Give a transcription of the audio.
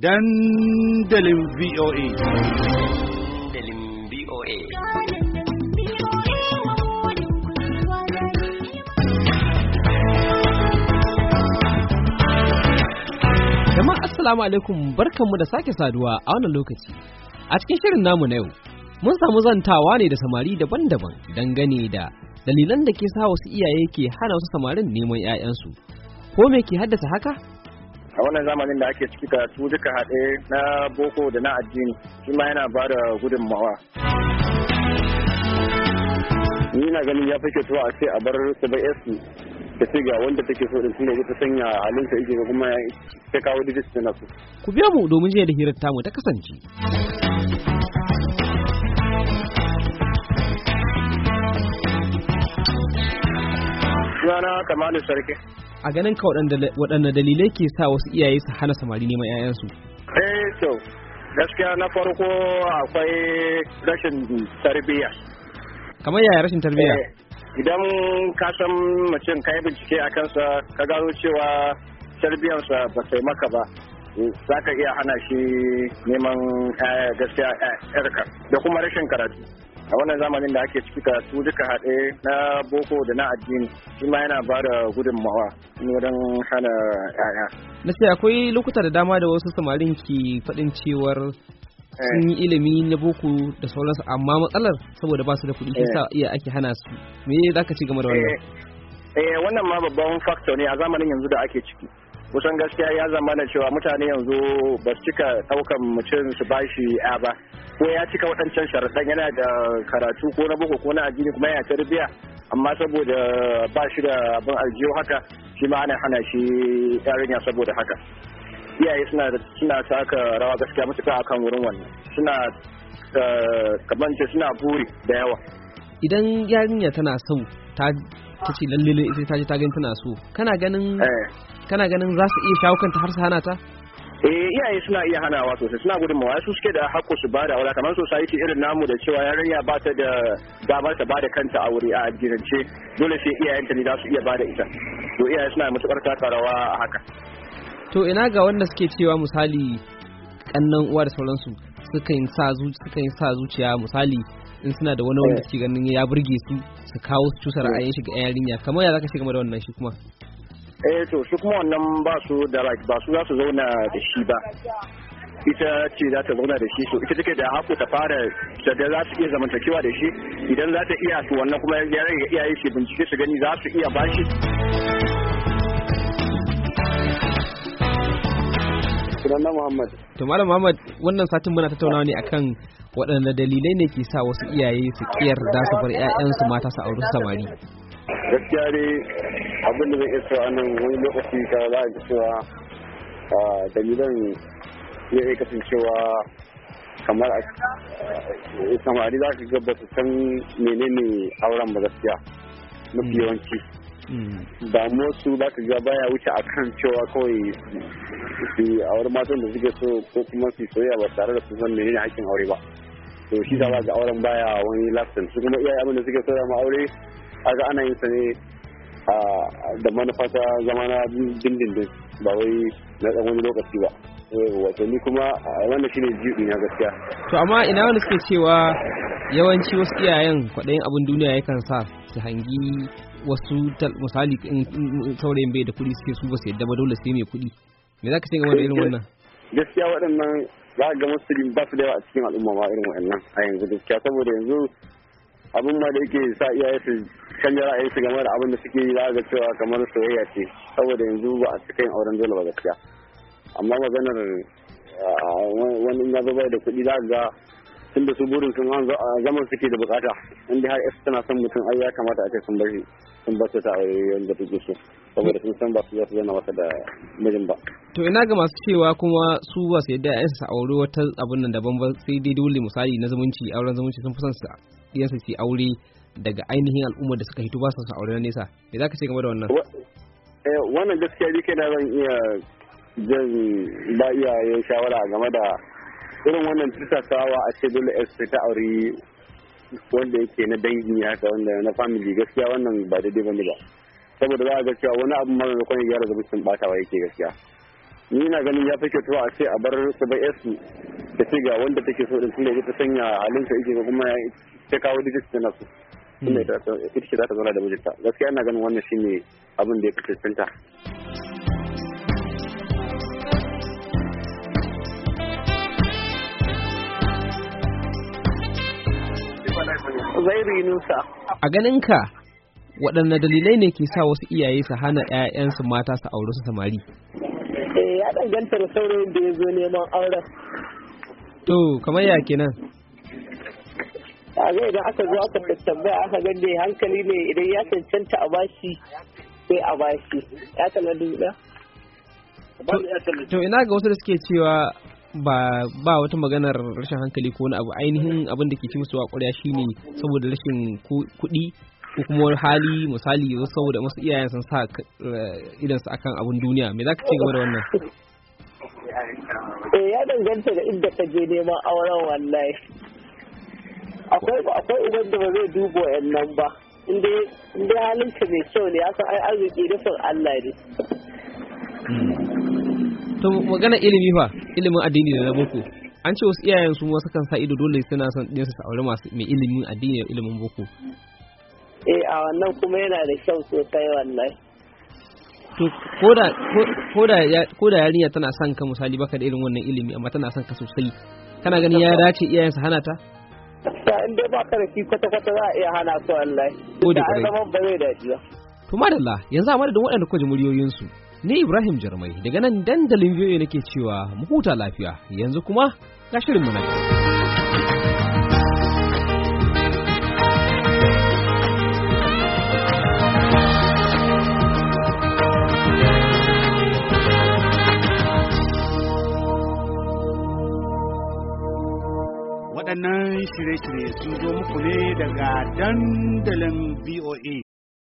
dandalin VOA. Dandalin VOA. Jama'a Assalamu alaikum barkanmu da sake saduwa a wannan lokaci. A cikin shirin namu na yau, mun samu zantawa ne da samari daban-daban dangane da dalilan da ke sa wasu iyaye ke hana wasu samarin neman 'ya'yansu. Ko me ke haddasa haka? a wannan zamanin da ake ciki karatu duka haɗe na boko da na addini shi ma yana ba da gudunmawa ni na ganin ya fake tuwa a ce a bar su bai ta ce ga wanda take so din tunda ita sanya halinta yake ga kuma ta kawo digits na su. Ku biya mu domin jiya da hirar tamu ta kasance. na Kamalu Sarki. a ganin ka waɗanne dalilai ke sa wasu iyaye su hana samari neman 'ya'yansu eh to gaskiya na farko akwai rashin tarbiyya kamar yaya rashin tarbiyya eh, idan ka san mutum ka yi bincike a kansa ka gano cewa tarbiyyarsa ba sai maka ba za ka iya hana shi neman eh, gaskiya yarka eh, da kuma rashin karatu a wannan zamanin da ake ciki karatu duka haɗe na boko da na addini shi ma yana ba da gudunmawa wurin hana 'ya'ya. sai akwai lokuta da dama da wasu samarin ki faɗin cewar sun yi eh. ilimi na boko da sauransu amma matsalar saboda ba su da kuɗi sa eh. iya ake hana su me za ka ci game da wannan eh, eh wannan ma babban factor ne a zamanin yanzu da ake ciki kusan gaskiya ya zama na cewa mutane yanzu ba su cika ɗaukan mutum su ba shi ya ba ko ya cika waɗancan sharaɗan yana da karatu ko na boko ko na addini kuma yana tarbiyya amma saboda ba shi da abin aljiyo haka shi ma ana hana shi yarinya saboda haka iyaye suna suna taka rawa gaskiya a akan wurin wannan suna eh, kamance suna buri da yawa idan yarinya tana so ta ta ce lalle ne sai ta ji ta gani tana so kana ganin eh. kana ganin za su iya shawo kanta har su hana ta eh iyaye suna iya hanawa sosai suna gudunmawa su suke da haƙƙo su bada aure kamar society irin namu da cewa yarinya ba ta da damar ta bada kanta aure a addinance dole sai iyayenta ne za su iya bada ita to iyaye suna matuƙar taka rawa a haka to ina ga wanda suke cewa misali kannan uwa da sauransu sukan sa zuciya misali in suna da wani wanda eh. suke ganin ya burge su su kawo su cusa eh. ra'ayin shi ga yarinya kamar ya zaka shiga game da wannan shi kuma eh to shi kuma wannan ba su da right ba su za su zauna da shi ba ita ce za ta zauna da shi so ita take da haƙo ta fara da za su iya zamantakewa da shi idan za ta iya su wannan kuma ya rage iyaye shi bincike su gani za su iya bashi Sunana Muhammad. To Malam Muhammad wannan satin muna tattaunawa ne akan waɗanda dalilai ne ke sa wasu iyaye su kiyar da su bar 'ya'yansu mata su auri samari gaskiya ne abin da zai isa nan wani lokaci ka za a cewa dalilan ya iya kasancewa kamar a eh, samari za ka gaba su san menene auren ba gaskiya mafi mm. yawanci mm. da su za ka ga baya wuce a kan cewa kawai su auri matan da suke so ko kuma su soyayya ba tare da su san menene hakkin aure ba to shi da ga auren baya wani lastin su kuma iyaye abinda suke sauya ma aure ga ana yin sa ne da manufa ta zama na dindindin ba wai na tsawon wani lokaci ba wato ni kuma wannan shine jiɗi na gaskiya to amma ina wanda suke cewa yawanci wasu iyayen kwaɗayin abin duniya yakan sa su hangi wasu misali saurayin bai da kuɗi suke su ba su yadda ba dole sai mai kuɗi me za ka ce game da irin eh, wannan gaskiya waɗannan za ga musulun ba su da yawa a cikin al'umma ba irin wa'annan a yanzu gaskiya saboda yanzu abin ma da yake sa iyaye su canja ra'ayin su game da abin da suke yi za ga cewa kamar soyayya ce saboda yanzu ba a cika yin auren dole ba gaskiya amma maganar ah, wani ya zo da kuɗi za ga tun da su burin sun zaman suke da bukata inda har tana son mutum ai ya kamata a ce sun bar shi sun bar ta a yanzu da take so saboda sun san ba su za su zauna masa da mijin ba to ina ga masu cewa kuma su ba su yadda yansu aure wata abin nan daban ba sai dai dole misali na zumunci auren zumunci sun fi son su yansu su aure daga ainihin al'ummar da suka hito ba su aure na nesa me za ka ce game da wannan eh, wannan gaskiya ne kai na zan iya zan ba iyayen shawara game da irin wannan tisasawa a ce dole ta aure wanda yake na dangi haka wanda na family gaskiya wannan ba daidai ne ba saboda za a ga cewa wani abu mara da ya ba zumuncin batawa yake gaskiya ni na ganin ya fi kyautuwa a ce a bar su ba su da ce ga wanda take so din tunda ita sanya halin ka yake kuma ya ta kawo digit tana su hmm. tunda ita ce za ta zauna da mijinta gaskiya ina ganin wannan shine abin da ya fi cancanta Zairu Yunusa. A ganin ka waɗanne dalilai ne ke sa wasu iyaye su hana 'ya'yansu mata su auri su samari eh, ya danganta da saurayin da ya zo neman auren to kamar ya kenan a zai idan aka zo aka tambaya aka gane hankali ne idan ya cancanta a bashi sai a bashi ya kalla da to ina ga wasu da suke cewa ba ba wata maganar rashin hankali ko wani abu ainihin abin da ke ci musu wa ƙwarya shine saboda rashin kuɗi ko kuma wani hali misali wasu saboda wasu iyayen sun sa eh, idansu akan abun duniya me za ka ce game da wannan eh ya danganta da inda ka je neman auren wallahi akwai akwai uban da ba zai duba wayannan ba inda inda halinka mai kyau ne akan ai arziki san Allah ne to magana ilimi fa ilimin addini da na boko an ce wasu iyayen su wasu kan sa ido dole suna son ɗinsu su aure masu mai ilimin addini da ilimin boko eh a wannan kuma yana da kyau sosai wallahi to koda yarinya tana son ka misali baka da irin wannan ilimi amma tana son ka sosai kana ganin ya dace iyayen su hana ta ta in dai ka da shi kwata kwata za a iya hana su wallahi da an zama ba zai dace ba to madalla yanzu a madadin waɗanda kuka ji muryoyin su ni Ibrahim Jarmai daga nan dandalin biyoyi nake cewa mu huta lafiya yanzu kuma ga shirin mu na sun zo muku ne daga dandalin VOA.